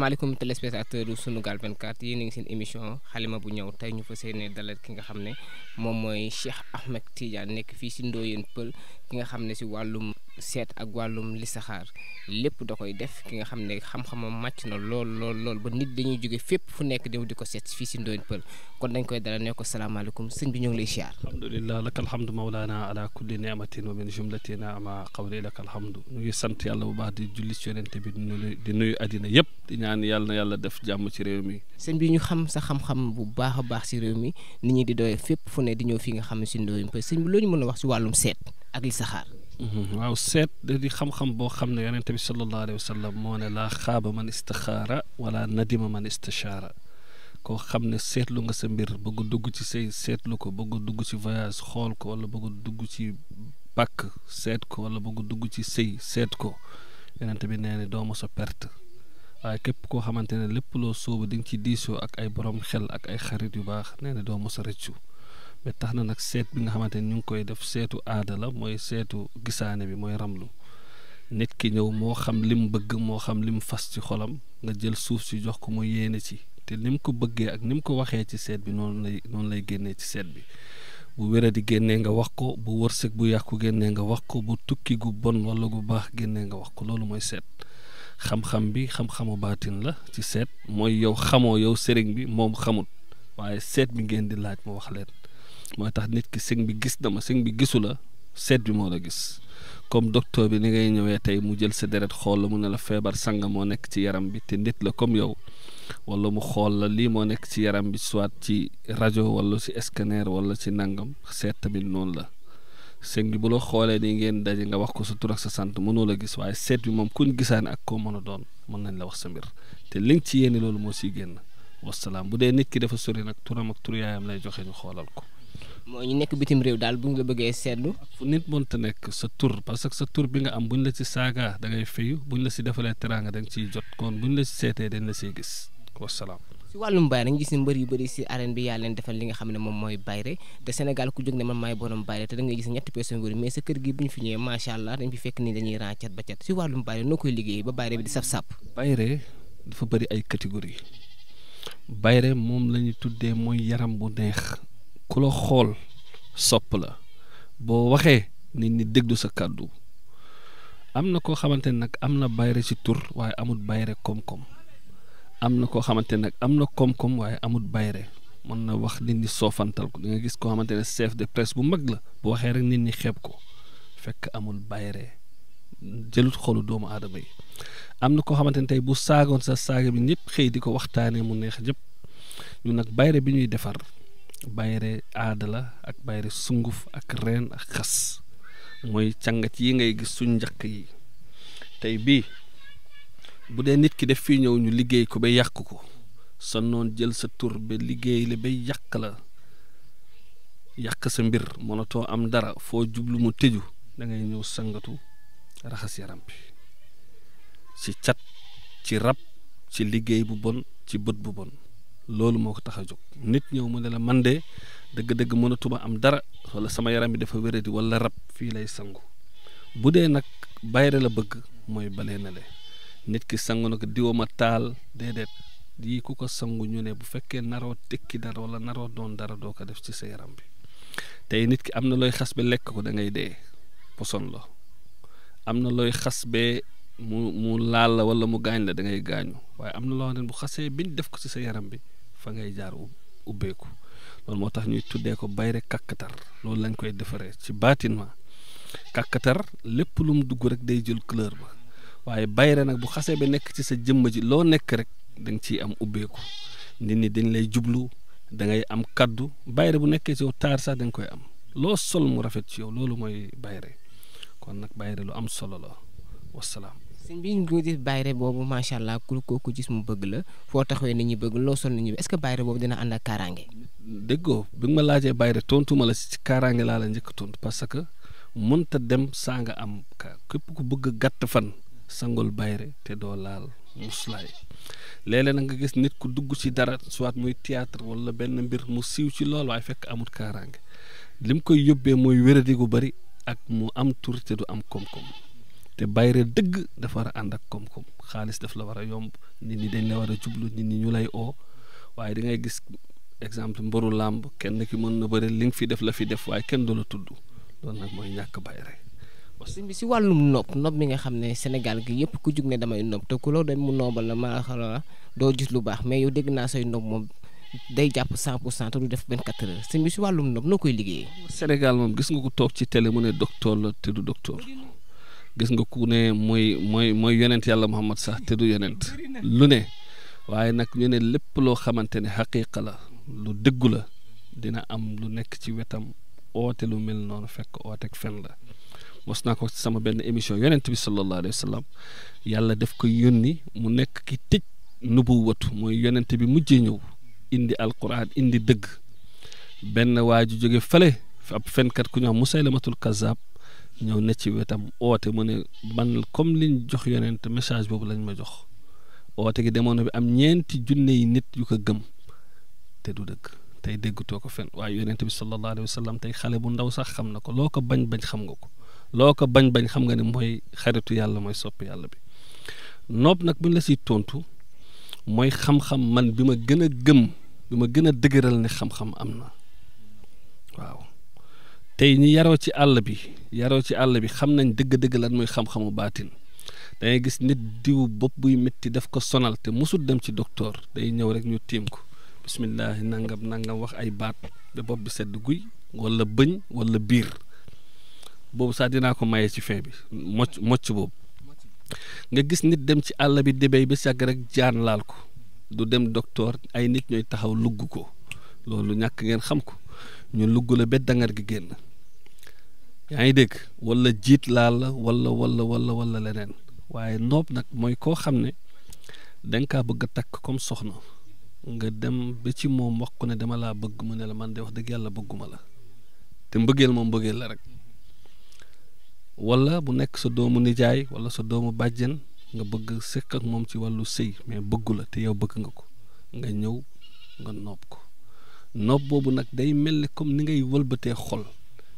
asalaamaaleykum téléspectateur yu Sunugal 24 yéen a seen émission xalima bu ñëw tey ñu fas yéene dalal ki nga xam ne moom mooy Cheikh Ahmed Tidiane nekk fii si Ndoyeen Pël ki nga xam ne si wàllum seet ak li lisaxaar lépp da koy def ki nga xam ne xam-xamam màcc na lool lool lool ba nit dañuy jóge fépp fu nekk dem di ko seet fii si Ndoyeen Pël kon dañ ko salaamaaleykum sëñ bi ñoo ngi lay siyaar alhamdulilah laka alhamdu mawlaana ala kulli ni'matin wa min jumlatina ama qawli laka alhamdu ñu ngi sant yàlla bu baax di julli ci yonente bi di nuyu àddina yëpp di ñaan yàlla na yàlla def jàmm ci réew mi sëñ bi ñu xam sa xam-xam bu baax a baax si réew mi nit ñi di doyee fépp fu ne di ñëw fi nga xam ne si Ndoyeen Pël sëñ bi loo ñu mën a wax si wàllum seet ak lisaxaar Mhm. waaw seet di xam-xam boo xam ne yonent bi sallallahu alayhi wa moo ne laa xaaba man istaxaara wala nadima man istachaara koo xam ne seetlu nga sa mbir bëgg dugg ci say seetlu ko bëgg dugg ci voyage xool ko wala bëgg dugg ci pàkk seet ko wala bëgg dugg ci sëy seet ko yonent bi nee ne doo ma sa perte waaye képp koo xamante ne lépp loo sóobu di nga ci diisoo ak ay borom xel ak ay xarit yu baax nee ne doo ma sa rëccu ba tax na nag seet bi nga xamante ni ñu ngi koy def seetu aadala mooy seetu gisaane bi mooy ramlu nit ki ñëw moo xam li mu bëgg moo xam li mu fas ci xolam nga jël suuf si jox ko mu yéene ci te ni ko bëggee ak ni mu ko waxee ci seet bi noonu lay noonu lay génnee ci seet bi bu wéra di génnee nga wax ko bu wërsëg bu yàqu génnee nga wax ko bu tukki gu bon wala gu baax génnee nga wax ko loolu mooy seet xam-xam bi xam-xamu baatin la ci seet mooy yow xamoo yow sëriñ bi moom xamut waaye seet bi ngeen di laaj mu wax leen mooy tax nit ki sëñ bi gis na ma sëñ bi gisu la seet bi moo la gis comme docteur bi ni ngay ñëwee tey mu jël sa deret xool la mu ne la feebar sanga moo nekk ci yaram bi te nit la comme yow wala mu xool la lii moo nekk ci yaram bi soit ci rajo wala ci scanner wala ci nangam seet tamit noonu la sëñ bi bu la xoolee ni ngeen daje nga wax ko sa tur sa sant mënoo la gis waaye seet bi moom kuñ gisaane ak koo mën a doon mën nañ la wax sa mbir te li ci yéene loolu moo siy génn wasalaam bu dee nit dafa sori nag turam ak tur yaayam lay ñu xoolal ko mooy ñu nekk bitim réew daal bu ñu la bëggee seetlu. fu nit mënta nekk sa tur parce que sa tur bi nga am bu ñu la si saaga da ngay bu ñu la si defalee teraanga da nga jot kon bu ñu la si seetee dañ la siy gis wasalaam. si wàllum bayre dañu gis ne mbër yu bëri si arène bi yaa leen defal li nga xam ne moom mooy bayre te Sénégal ku jóg ne man maay borom bayre te da ngay gis ñetti personnes wër mais fi ñëwee macha allah dañ fi fekk ni dañuy ran cat ba cat si wàllum bayre noo koy liggéey ba bayre bi di saf-sàpp bayre dafa bëri ay catégorie bayre moom la ñu tuddee mooy yaram bu neex ku la xool sopp la boo waxee nit ñi déglu sa kàddu am na koo xamante ne nag am na bayre ci tur waaye amul bayre koom-koom am na koo xamante nag am na koom-koom waaye amul bayre mën na wax nit ñi soofantal ko da nga gis koo xamante ne seef de presse bu mag la boo waxee rek nit ñi xeeb ko fekk amul bayre jëlut xolu doomu aadama yi am na koo xamante ne tey bu saagoon sa saaga bi ñëpp xëy di ko waxtaanee mu neex jëpp ñu nag bayre bi ñuy defar bayre aada la ak bayre sunguf ak reen ak xas mooy càngat yi ngay gis suñ njëkk yi tey bii bu dee nit ki def fii ñëw ñu liggéey ko ba yàq ko sa noon jël sa tur ba liggéey la ba yàq la yàq sa mbir mënatoo am dara foo jublu mu tëju dangay ngay ñëw sangatu raxas yaram bi ci cat ci rab ci liggéey bu bon ci bët bu bon loolu moo ko tax a jóg nit ñëw mu ne la man de dëgg-dëgg mënatuma am dara wala sama yaram bi dafa wéradi wala rab fii lay sangu bu dee nag bayre la bëgg mooy bale na le nit ki sangu na ko diwoma taal déedéet yii ku ko sangu ñu ne bu fekkee naroo tekki dara wala naroo doon dara doo ko def ci sa yaram bi tey nit ki am na looy xas bi lekk ko dangay ngay dee poson la am na looy xas bee mu mu laal la wala mu gaañ la da ngay gaañu waaye am na loo xam bu xasee biñ def ko ci sa yaram bi fa ngay jaar ubbeeku loolu moo tax ñuy tuddee ko bayre kàkkatar loolu lañ koy defaree ci bâtiment kakkatar lépp lu mu dugg rek day jël couleur ba waaye bayre nag bu xasee ba nekk ci sa jëmm ji loo nekk rek da nga ciy am ubbeeku nit ñi dañ lay jublu da ngay am kaddu bayre bu nekkee ci yow taar sax da koy am loo sol mu rafet ci yow loolu mooy bayre kon nag bayre lu am solo la wasalaam sëñ bi ñu gis bayre boobu macha allah ku ko ku mu bëgg la foo taxawee ni ñu bëgg loo sol ni ñu est-ce que bayre boobu dina ànd ak kaaraange. déggoo bi ma laajee bayre tontu ma la ci kaaraange laa la njëkk tontu parce que mënta dem saa nga am képp ku bëgg gàtt fan sangol bayre te doo laal muslaay léeg nag nga gis nit ku dugg ci dara soit muy théâtre wala benn mbir mu siiw ci lool waaye fekk amut kaaraange lim koy yóbbee mooy wéradi gu bari ak mu am tur du am koom te bayre dëgg dafa war a ànd ak koom-koom xaalis daf la war a yomb nit ñi dañ la war a jublu nit ñi ñu lay o waaye da ngay gis exemple mbaru làmb kenn ki mën na bëri li fi def la fi def waaye kenn du la tudd loolu mooy ñàkk bayre sëñ si wàllum nopp nopp bi nga xam ne Sénégal gi yëpp ku jug ne damay nopp te ku loolu dañ mu noobal la maa xam doo gis lu baax mais yow dégg naa say nopp moom day jàpp 100 pour cent te du def 24 heures sëñ bi si wàllum nopp noo koy liggéeyee. Sénégal moom gis nga ko toog ci télé mu ne do la te du docteur. gis nga ku ne mooy mooy mooy yonent yàlla Muhammad sax te du yonent lu ne waaye nag ñu ne lépp loo xamante ne xaqiiqa la lu dëggu la dina am lu nekk ci wetam oote lu mel noonu fekk ootek fen la mos naa ko sama benn émission yonent bi sallallahu alayhi wa sallam yàlla def ko yónni mu nekk ki tëj nubuwatu mooy yonent bi mujjee ñëw indi alquran indi dëgg benn waa ju jóge fële ab fenkat ku ñu wax Musaylamatul Kazzab ñëw ne ci wetam oote mu ne man comme liñ jox yonent message boobu lañ ma jox oote gi demoon bi am ñeenti junne yi nit yu ko gëm te du dëgg tey déggutoo ko fen waaye yonent bi sallallahu alayhi wa sallam tey xale bu ndaw sax xam na ko loo ko bañ bañ xam nga ko loo ko bañ bañ xam nga ne mooy xaritu yàlla mooy soppi yàlla bi nopp nag bu ñu la siy tontu mooy xam-xam man bi ma gën a gëm bi ma gën a dëgëral ne xam-xam am na waaw. tey ñi yaroo ci àll bi yaroo ci àll bi xam nañ dëgg-dëgg lan mooy xam-xamu baatin da gis nit diw bopp buy metti daf ko sonal te mosul dem ci docteur day ñëw rek ñu tiim ko bismillah nangam nangam wax ay baat ba bopp bi sedd guy walla bëñ walla biir boobu sax dinaa ko maye ci fin bi mocc mocc boobu nga gis nit dem ci àll bi débéy ba sàgg rek jaan laal ko du dem docteur ay nit ñooy taxaw lugg ko loolu ñàkk ngeen xam ko ñu lugg la ba dangar gi génn yaa ngi dégg wala jiit laal la walla wala walla wala leneen waaye noob nag mooy koo xam ne da nga kaa bëgg a takk comme soxna nga dem ba ci moom wax ko ne dama laa bëgg mu ne la man de wax dëgg yàlla bëgguma la te mbëggeel moom mbëggeel la rek wala bu nekk sa doomu nijaay wala sa doomu bàjjen nga bëgg sëq ak moom ci wàllu sëy mais bëggu la te yow bëgg nga ko nga ñëw nga noob ko noob boobu nag day mel ni comme ni ngay wëlbatee xol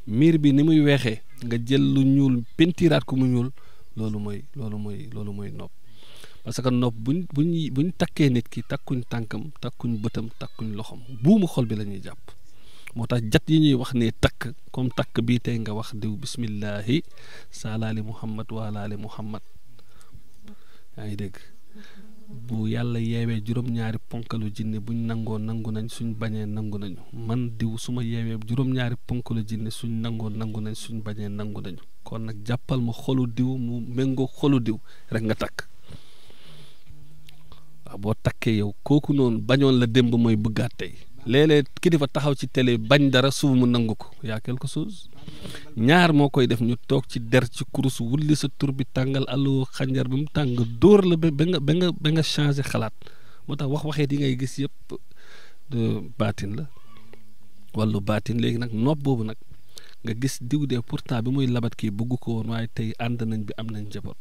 miir bi ni muy weexee nga jël lu ñuul pentiraat ku mu ñuul loolu mooy loolu mooy loolu mooy nopp parce que nopp buñ buñ buñ takkee nit ki takkuñ tànkam takkuñ bëtam takkuñ loxom buumu xol bi lañuy jàpp moo tax jat yi ñuy wax ne takk comme takk bii tey nga wax diw bismillahi saalaali muhammad waalaali muhammad yaa ngi dégg bu yàlla yeewee juróom-ñaari ponkalu jinne buñ nangoo nangu nañ suñ bañee nangu nañu man diw suma ma yeewee juróom-ñaari ponkalu jinne suñ nangoo nangu nañ suñ bañee nangu nañu kon nag jàppal ma xolu diw mu méngoo xolu diw rek nga takk waaw boo takkee yow kooku noonu bañoon la démb mooy bëggaat tey léeg kilifa taxaw ci télé bañ dara suuf mu nangu ko yaa quelque chose ñaar moo koy def ñu toog ci der ci kurus wulli sa tur bi tàngal allo xanjar bi mu tàng dóor la ba ba nga ba changé xalaat moo tax wax waxeet yi ngay gis yëpp baatin la wallu baatin léegi nag nopp boobu nag nga gis diw dee pourtant bi muy labat kii bugg ko woon waaye tey ànd nañ bi am nañ njaboot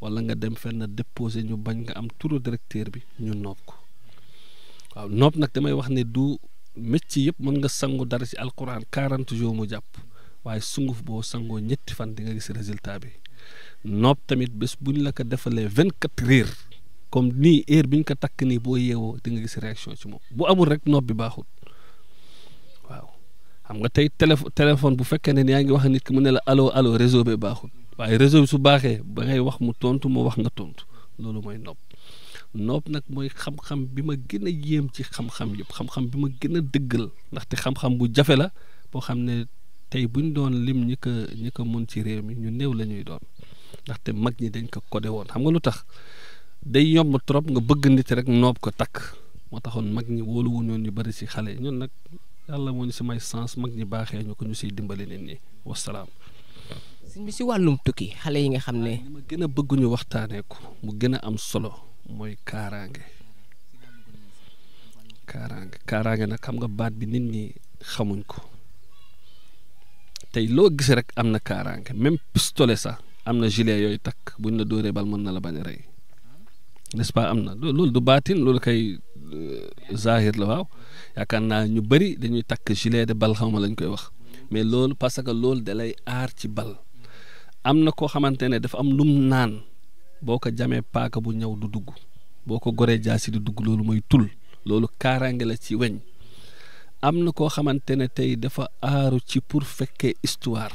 wala nga dem fenn déposé ñu bañ nga am turu directeur bi ñu nopp ko waaw nopp nag damay wax ne du métti yëpp mën nga sangu dara ci alquran 40 jours mu jàpp waaye sunguf boo sangoo ñetti fan di nga gis résultat bi nopp tamit bés bu ñu la ko defalee 24 heures comme nii heure bi ñu ko takk nii boo yeewoo di nga gis réaction ci moom bu amul rek noob bi baaxul waaw xam nga tey téléphone téléphone bu fekkee ne yaa ngi wax nit ki mu ne la allo allo réseau bi baaxul waaye réseau bi su baaxee ba ngay wax mu tontu mu wax nga tontu loolu mooy noob. noob nag mooy xam-xam bi ma gën a yéem ci xam-xam yëpp xam-xam bi ma gën a dëggal ndaxte xam-xam bu jafe la boo xam ne tey bu ñu doon lim ñi ko ñi ko mun ci réew mi ñu néew la ñuy doon ndaxte mag ñi dañ ko codé woon xam nga lu tax day yomb trop nga bëgg nit rek noob ko takk moo taxoon mag ñi wóoluwu ñoon ñu bari si xale ñun nag yàlla moo ñu samay may sens mag ñi baaxee ñu ko ñu siy dimbali nit ñi wasalaam. si wàllum tukki xale yi nga xam ne. ma gën a bëgg waxtaanee ko mu gën a am solo. mooy kaaraange kaaraange kaaraange nag xam nga baat bi nit ñi xamuñ ko tey loo gis rek am na kaaraange même pistolet sax am na gilet yooyu takk buñ la dóoree bal mën na la bañ a rey n'est-ce am na loolu du baatin loolu kay euh, zahir la waaw yaakaar naa ñu bëri dañuy takk gilet de bal xawma lañ koy wax mais loolu parce que loolu da lay aar ci bal am na koo xamante ne dafa am lum naan. boo ko jamee paaka bu ñëw du dugg boo ko goree jaasi du dugg loolu mooy tul loolu kaaraange la ci weñ am na koo xamante ne tey dafa aaru ci pour fekkee histoire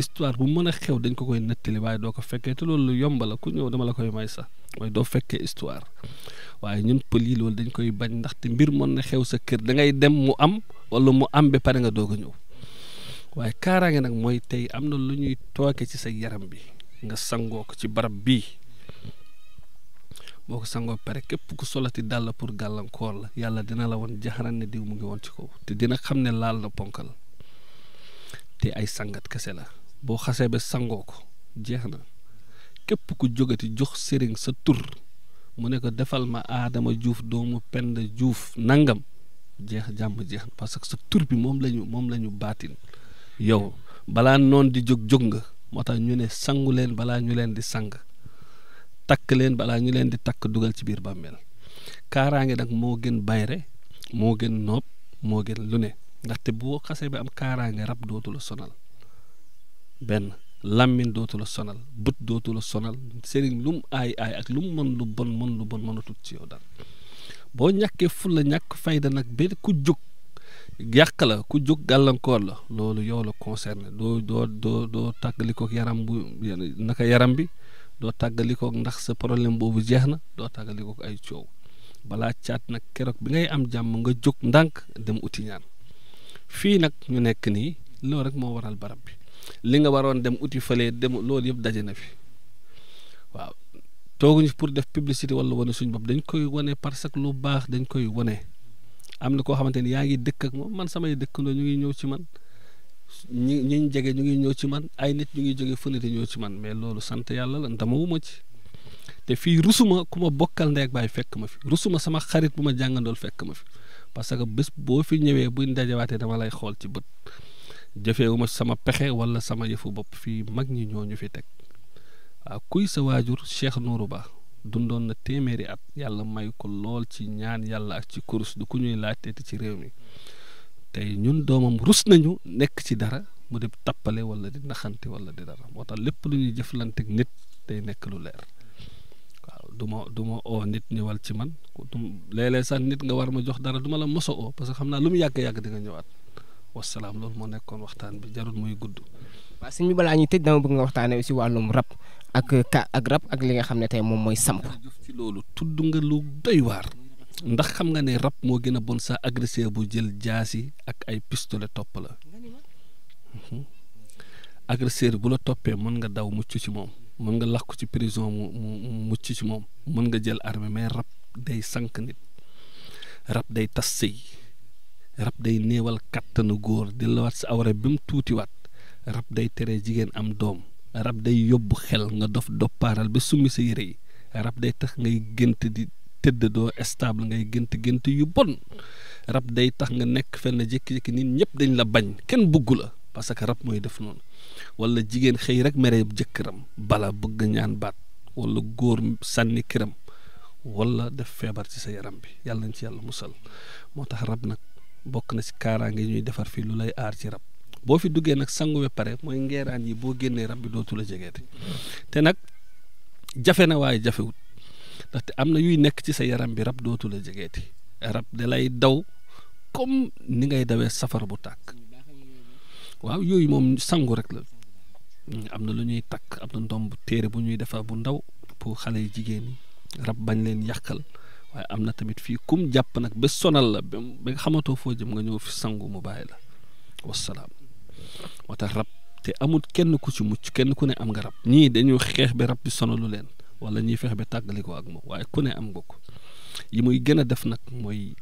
histoire bu mën a xew dañ ko koy nettali waaye doo ko fekkee te loolu lu yomb ku ñëw dama la koy may sax mooy doo fekkee histoire waaye ñun pël yi loolu dañ koy bañ ndaxte mbir mën na xew sa kër da ngay dem mu am wala mu am ba pare nga doog a ñëw waaye kaaraange nag mooy tey am na lu ñuy tooke ci sa yaram bi nga sangoo ko ci barab bii boo ko sangoo pare képp ku solati dàll pour gàllankoor la yàlla dina la woon jaxaran ne diw mu ngi woon ci kaw te dina xam ne laal na ponkal te ay sangat kese la boo xasee ba sangoo ko jeex na képp ku jógati jox sëriñ sa tur mu ne ko defal ma aadama juuf doomu pend juuf nangam jeex jàmm jeex na parce que sa tur bi moom lañu moom la ñu baatin yow balaa noon di jóg jóg nga moo tax ñu ne sangu leen balaa ñu leen di sang takk leen balaa ñu leen di takk dugal ci biir bàmmeel kaaraange nag moo gën bayre moo gën noob moo gën lu ne ndaxte boo xasee bi am kaaraange rab dootula sonal benn làmmin dootula sonal bët dootu la sonal sëriñ lu aay aay ak lum mu mën lu bon mënatul ci yow dara boo ñàkkee fulla ñàkk fayda nag benn ku jóg yàq la ku jóg gàllankoor la loolu yow la concerné doo doo doo doo yaram bu naka yaram bi doo tàggalikook ndax sa poroblème boobu jeex na doo tàggalikook ay coow balaa caat nag keroog bi ngay am jàmm nga jóg ndànk dem uti ñaan fii nag ñu nekk nii loolu rek moo waral barab bi li nga waroon dem uti fële dem loolu yëpp daje na fi waaw tooguñu pour def publicité wala wane suñ bopp dañ koy wone parce que lu baax dañ koy wone am na koo xamante ni yaa ngi dëkk ak moom man samay dëkkandoo ñu ngi ñëw ci man ñi ñi jege ñu ngi ñëw ci man ay nit ñu ngi jóge fële di ñëw ci man mais loolu sant yàlla la ndama wuma ci te fii rusuma ku ma bokkal ndey ak baay fekk ma fi rusuma sama xarit bu ma jàngandool fekk ma fi parce que bés boo fi ñëwee buñ dajawaatee dama lay xool ci bët jëfeewuma sama pexe wala sama yëfu bopp fii mag ñi ñoo ñu fi teg waaw ah, kuy sa waajur Cheikh Nourou Ba dundoon na téeméeri at yàlla may ko lool ci ñaan yàlla ak ci kurus du ku ñuy laajteeti ci réew mi tey ñun doomam rus nañu nekk ci dara mu dem tappale wala di naxante wala di dara moo tax lépp lu ñuy jëflanteeg nit tey nekk lu leer waaw du ma du ma oo nit ñëwal ci man léeg-léeg sax nit nga war ma jox dara duma la mos a oo parce que xam naa lu mu yàgg-yàgg di nga ñëwaat wasalaam loolu moo nekkoon waxtaan bi jarul mooy gudd. waaw sëñ balaa ñuy tëj dama bëgg nga waxtaanee si wàllum rab ak ka ak rab ak li nga xam ne tey moom mooy samp. ci loolu tudd nga lu doy waar. ndax xam nga ne rab moo gën a bon sa agresseur bu jël jaasi ak ay pistolet topp la mhm. agresseur bu la toppee mën nga daw mucc ci moom mën nga làqu ci prison mu mu mucc ci moom mën nga jël armée mais rab day sànq nit rab day tas sëy rab day néewal kàttanu góor di wat sa awra bi mu tuutiwaat rab day tere jigéen am doom rab day yóbbu xel nga dof doppaaral ba summi sa yére yi rab day tax ngay gént di tëdd doo stable ngay gënt gént yu bon rab day tax nga nekk fenn jékki-jékki nit ñëpp dañ la bañ kenn bugg la parce que rab mooy def noonu wala jigéen xëy rek mere jëkkëram bala bëgg ñaan baat walla góor sànni këram wala def feebar ci sa yaram bi yàlla nañ ci yàlla musal moo tax rab nag bokk na ci kaaraange ñuy defar fii lu lay aar ci rab boo fi duggee nag sangu ba pare mooy ngeeraan yi boo génnee rab bi dootul a jegeete te nag jafe na waaye jafewut ndaxte am na yuy nekk ci sa yaram bi rab dootu la jegeeti rab dalay daw comme ni ngay dawee safara bu tàkk waaw yooyu moom sangu rek la am na lu ñuy takk am na ndomb téere bu ñuy defar bu ndaw pour xale yi jigéen ñi rab bañ leen yàqal waaye am na tamit fii kum jàpp nag ba sonal la ba nga xamatoo foo jëm nga ñëw fi sangu mu bàyyi la wasalaam moo tax rab te amut kenn ku ci mucc kenn ku ne am nga rab ñii dañuy xeex bi rab bi sonalu leen wala ñuy fexe ba tàggali ko ak moom waaye ku ne am nga ko yi muy gën a def nag mooy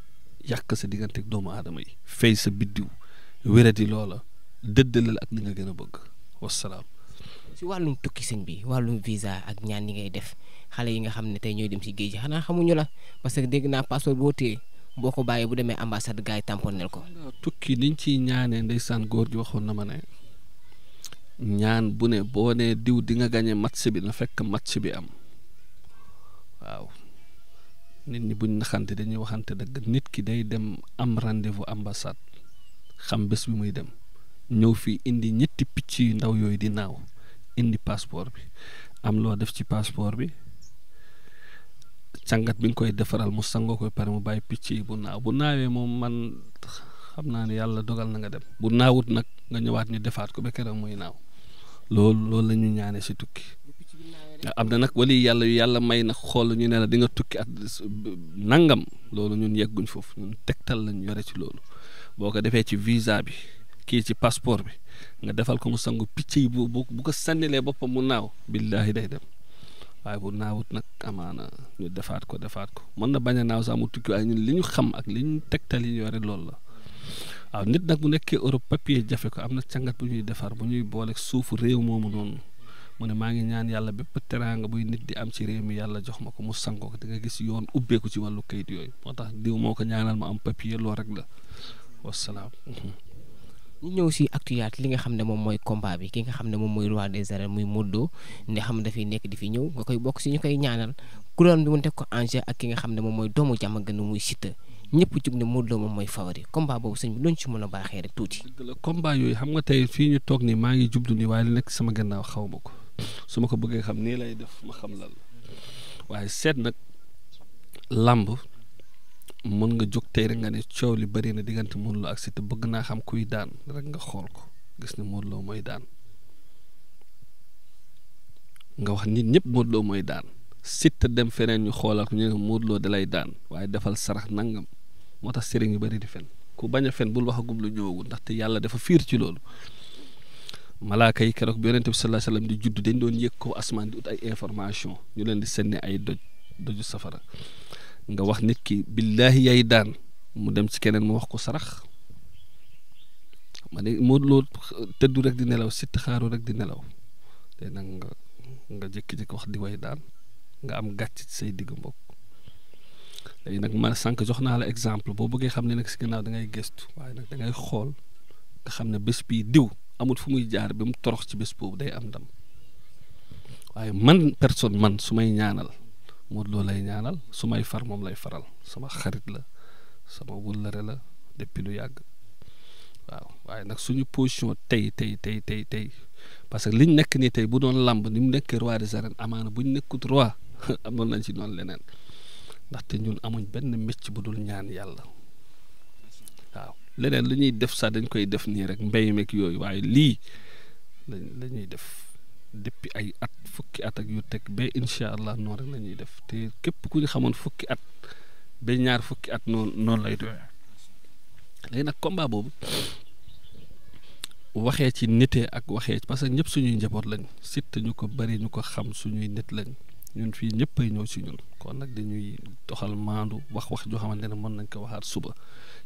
yàq sa diggante ak doomu aadama yi fay sa biddiw wéradi loola dëddalal ak li nga gën a bëgg wasalaam. si wàllum tukki sëñ bi wàllum visa ak ñaan yi ngay def xale yi nga xam ne tey ñooy dem si géej gi xanaa xamuñu la parce que dégg naa passeport boo téye boo ko bàyyee bu demee ambassade gars yi tamponel ko. tukki niñ ciy ñaanee saan góor gi waxoon na ma ne ñaan bu n boo nee diw di nga gañe match bi na fekk match bi am. waaw nit ñi buñ naxante dañuy waxante dëgg nit ki day dem am rendez-vous ambassade xam bés bi muy dem ñëw fii indi ñetti picc yu ndaw yooyu di naaw indi passeport bi am loo def ci passeport bi càngat bi nga koy defaral mu sangoo koy pare mu bàyyi picc yi bu naaw bu naawee moom man xam naa ne yàlla dogal na nga dem bu naawut nag nga ñëwaat ñu defaat ko ba keroog muy naaw loolu loolu la ñaane si tukki am na nag wali yàlla yàlla may na xool ñu ne la di nga tukki at nangam loolu ñun yegguñ foofu ñun tegtal lañ yore ci loolu boo ko defee ci visa bi kii ci passeport bi nga defal ko mu sangu picc yi bu bu ko sànnilee boppam mu naaw billaahi day dem waaye bu naawut nag amaana ñu defaat ko defaat ko mën na bañ naaw sax mu tukki waaye ñun li ñu xam ak li ñu tegtal yi ñu yore loolu la waaw nit nag bu nekkee Europe papier jafe ko am na càngat bu ñuy defar bu ñuy booleeg suufu réew moomu noonu mu ne maa ngi ñaan yàlla bépp teraanga buy nit di am ci réew mi yàlla jox ma ko mu sang ko di nga gis yoon ubbeeku ci wàllu kayit yooyu moo tax diw moo ko ñaanal ma am papier loolu rek la wasalaam. Mhm. ñu ñëw si actualité li nga xam ne moom mooy combat bi ki nga xam ne moom mooy roi des arènes muy Modou Lo nga xam dafay nekk di fi ñëw nga koy bokk si ñu koy ñaanal couronne bi mu teg ko en ak ki nga xam ne moom mooy doomu Diamaguen muy Siteu ñëpp jug ne Modou Lo moom mooy favori combat boobu sëñ bi doon ci mën a baaxee rek tuuti. dëgg la yooyu xam nga tey fii ñu toog nii maa ngi jublu nii waaye li nekk sama gannaaw xaw ma ko. su ma ko bëggee xam nii lay def ma xam lan waaye seet nag làmb mën nga jóg tey rek nga ne coow li bëri na diggante Modou Lo ak Siteu bëgg naa xam kuy daan rek nga xool ko gis ne Modou Lo mooy daan nga wax nit ñëpp Modou Lo mooy daan Siteu dem feneen ñu xoolal ko ñu ne Modou Lo dalay daan waaye defal sarax nangam moo tax sëriñ yu bari di fen ku bañ a fen bul wax agum lu ñëwagul ndaxte yàlla dafa fiir ci loolu malaaka yi keroog bi yonente bi sallallahu alayhi wasallam di judd dañ doon yëg ko asmaan di ut ay information ñu leen di senni ay doj doju safara nga wax nit ki billaahi yay daan mu dem ci keneen mu wax ko sarax ma ne moo loo tëddu rek di nelaw sitt xaaru rek di nelaw te nag nga nga jékki-jékki wax di way daan nga am gàcc ci say digg léegi nag man sànq jox naa la exemple boo bëggee xam ne nag si gannaaw da ngay gëstu waaye nag da ngay xool nga xam ne bés bii diw amul fu muy jaar bi mu torox ci bés boobu day am ndam waaye man personne man su may ñaanal Modou Lo lay ñaanal su may far moom lay faral sama xarit la sama wëllëre la depuis lu yàgg waaw waaye nag suñu position tey tey tey tey tey parce que li ñu nekk nii tey bu doon làmb ni mu nekkee roi de arènes amaana bu ñu nekkut roi amoon nañ ci noonu leneen ndaxte ñun amuñ benn mécc bu dul ñaan yàlla waaw leneen lu ñuy def sax dañ koy def nii rek mbéy meeg yooyu waaye lii la ñuy def depuis ay at fukki at ak yu teg ba incha allah noonu rek la def te képp ku ñu xamoon fukki at ba ñaar fukki at noonu noonu lay doy léegi nag combat boobu waxee ci nitee ak waxee parce que ñëpp suñuy njaboot lañ Siteu ñu ko bari ñu ko xam suñuy nit lañ. ñun fii ñëpp ay ñëw si ñun kon nag dañuy doxal maandu wax wax joo xamante ne mën nañ ko waxaat suba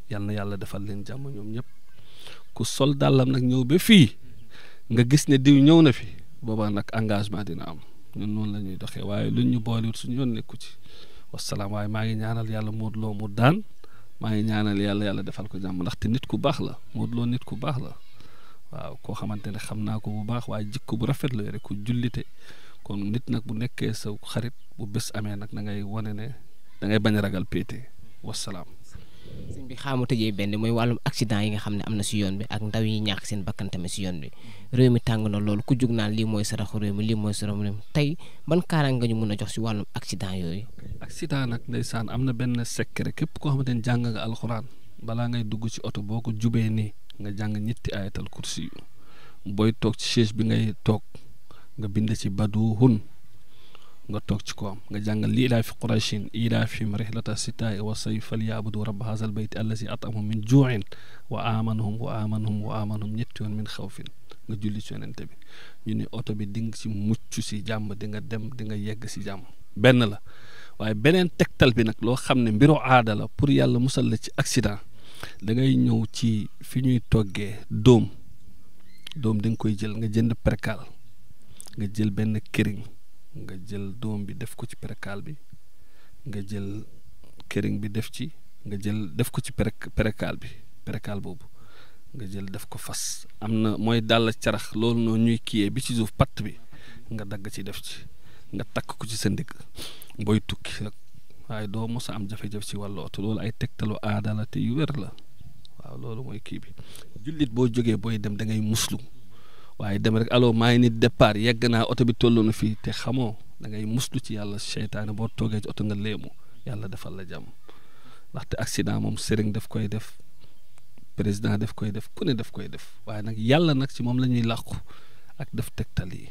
yal na yàlla defal leen jàmm ñoom ñëpp ku sol dàllam nag ñëw ba fii nga gis ne diw ñëw na fi boobaa nag engagement dina am ñun noonu la ñuy doxee waaye luñ ñu boolewut suñu yoon nekku ci wasalaam waaye maa ngi ñaanal yàlla Modou loo mu daan maa ngi ñaanal yàlla yàlla defal ko jàmm ndaxte nit ku baax la Modou loo nit ku baax la waaw koo xamante ne xam naa ko baax waaye jikko bu rafet la yore kon nit nag bu nekkee sa xarit bu bés amee nag da ngay wane ne da ngay bañ a ragal péete wasalaam. sëñ bi xaamu tëjee benn mooy wàllum accident yi nga xam ne am na si yoon bi ak ndaw yi ñàkk seen bakkan tamit si yoon bi réew mi tàng na loolu ku jug naan lii mooy saraxu réew mi lii mooy saraxu réew tey ban kaaraan nga ñu mun a jox si wàllum accident yooyu. accident nag ndeysaan am na benn secret képp koo xamante ne jàng nga alxuraan balaa ngay dugg ci oto boo ko jubee nii nga jàng ñetti ayatal kursi yu booy toog ci chaise bi ngay toog nga bind ci baduhun nga toog ci ko am nga jàngal li ilaa fi qurayshin rihlata sitaai wa sayf falyabudu rabba haza al bayt allazi atamahum min juuin wa amanahum wa amanahum wa amanahum ñetti yoon min xawfin nga julli ci bi ñu ne oto bi di nga ci mucc si jàmm di dem dinga nga yegg si jàmm benn la waaye beneen tegtal bi nag loo xam ne mbiru aada la pour yàlla musal la ci accident dangay ñëw ci fi ñuy toggee doom doom di koy jël nga jënd perkaal nga jël benn këriñ nga jël doom bi def ko ci perekaal bi nga jël këriñ bi def ci nga jël def ko ci pere perekaal bi perekaal boobu nga jël def ko fas am na mooy dàll carax loolu noonu ñuy kiyee bi ci suuf patt bi nga dagg ci def ci nga takk ko ci sa ndigg booy tukki rek waaye doo mos a am jafe-jafe ci wàllu loolu ay tegtalu aada te yu wér la waaw loolu mooy kii bi jullit boo jógee booy dem da ngay muslu waaye dem rek aloo maa ngi ni départ yegg naa oto bi toll fii te xamoo da ngay ci yàlla seytaane boo toogee ci oto nga léemu yàlla defal la jàmm ndaxte accident moom sëriñ daf koy def président daf koy def ku ne daf koy def waaye nag yàlla nag ci moom la ñuy ak def tegtal yi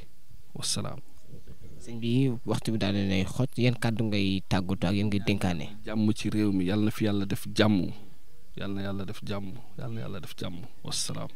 sëñ bi waxtu bi daal na lay xoj yan kàddu ngay tàggatu ak yan ngay dénkaane. jàmm ci réew mi yàlla na fi yàlla def jàmm yàlla na yàlla def jàmm yàlla yàlla def jàmm wasalaam.